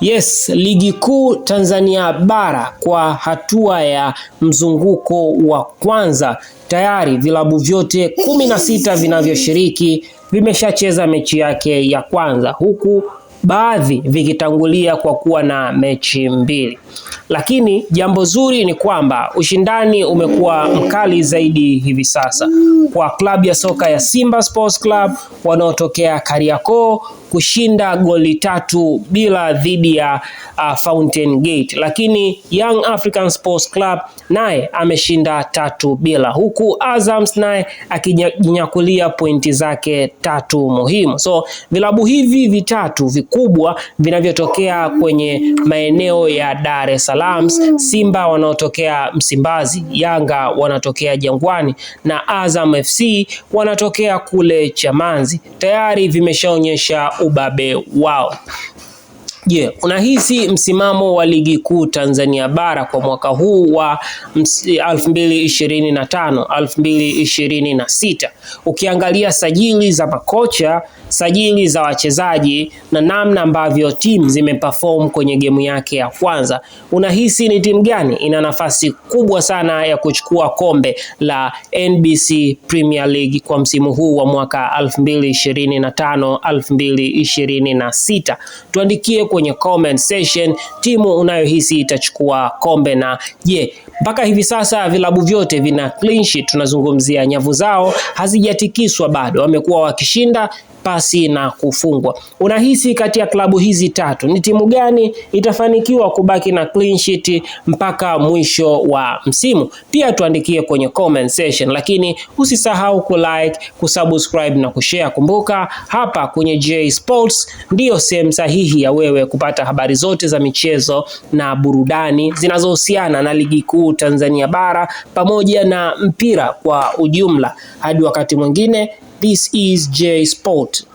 Yes, ligi kuu Tanzania bara kwa hatua ya mzunguko wa kwanza tayari vilabu vyote kumi na sita vinavyoshiriki vimeshacheza mechi yake ya kwanza huku baadhi vikitangulia kwa kuwa na mechi mbili, lakini jambo zuri ni kwamba ushindani umekuwa mkali zaidi hivi sasa kwa klabu ya soka ya Simba Sports Club wanaotokea Kariakoo kushinda goli tatu bila dhidi ya uh, Fountain Gate, lakini Young African Sports Club naye ameshinda tatu bila, huku Azams naye akijinyakulia pointi zake tatu muhimu. So vilabu hivi vitatu vikubwa vinavyotokea kwenye maeneo ya Dar es Salaam, Simba wanaotokea Msimbazi, Yanga wanatokea Jangwani na Azam FC wanatokea kule Chamanzi, tayari vimeshaonyesha ubabe wao. Je, yeah, unahisi msimamo wa ligi kuu Tanzania bara kwa mwaka huu wa 2025 2026 ukiangalia sajili za makocha, sajili za wachezaji na namna ambavyo timu zimeperform kwenye gemu yake ya kwanza, unahisi ni timu gani ina nafasi kubwa sana ya kuchukua kombe la NBC Premier League kwa msimu huu wa mwaka 2025 2026? Tuandikie kwenye comment section timu unayohisi itachukua kombe, na je, yeah, mpaka hivi sasa vilabu vyote vina clean sheet. Tunazungumzia nyavu zao hazijatikiswa bado, wamekuwa wakishinda pasi na kufungwa. Unahisi kati ya klabu hizi tatu ni timu gani itafanikiwa kubaki na clean sheet mpaka mwisho wa msimu? Pia tuandikie kwenye comment section, lakini usisahau kulike, kusubscribe na kushare. Kumbuka hapa kwenye J Sports ndiyo sehemu sahihi ya wewe kupata habari zote za michezo na burudani zinazohusiana na ligi kuu Tanzania bara pamoja na mpira kwa ujumla. Hadi wakati mwingine, this is J Sport.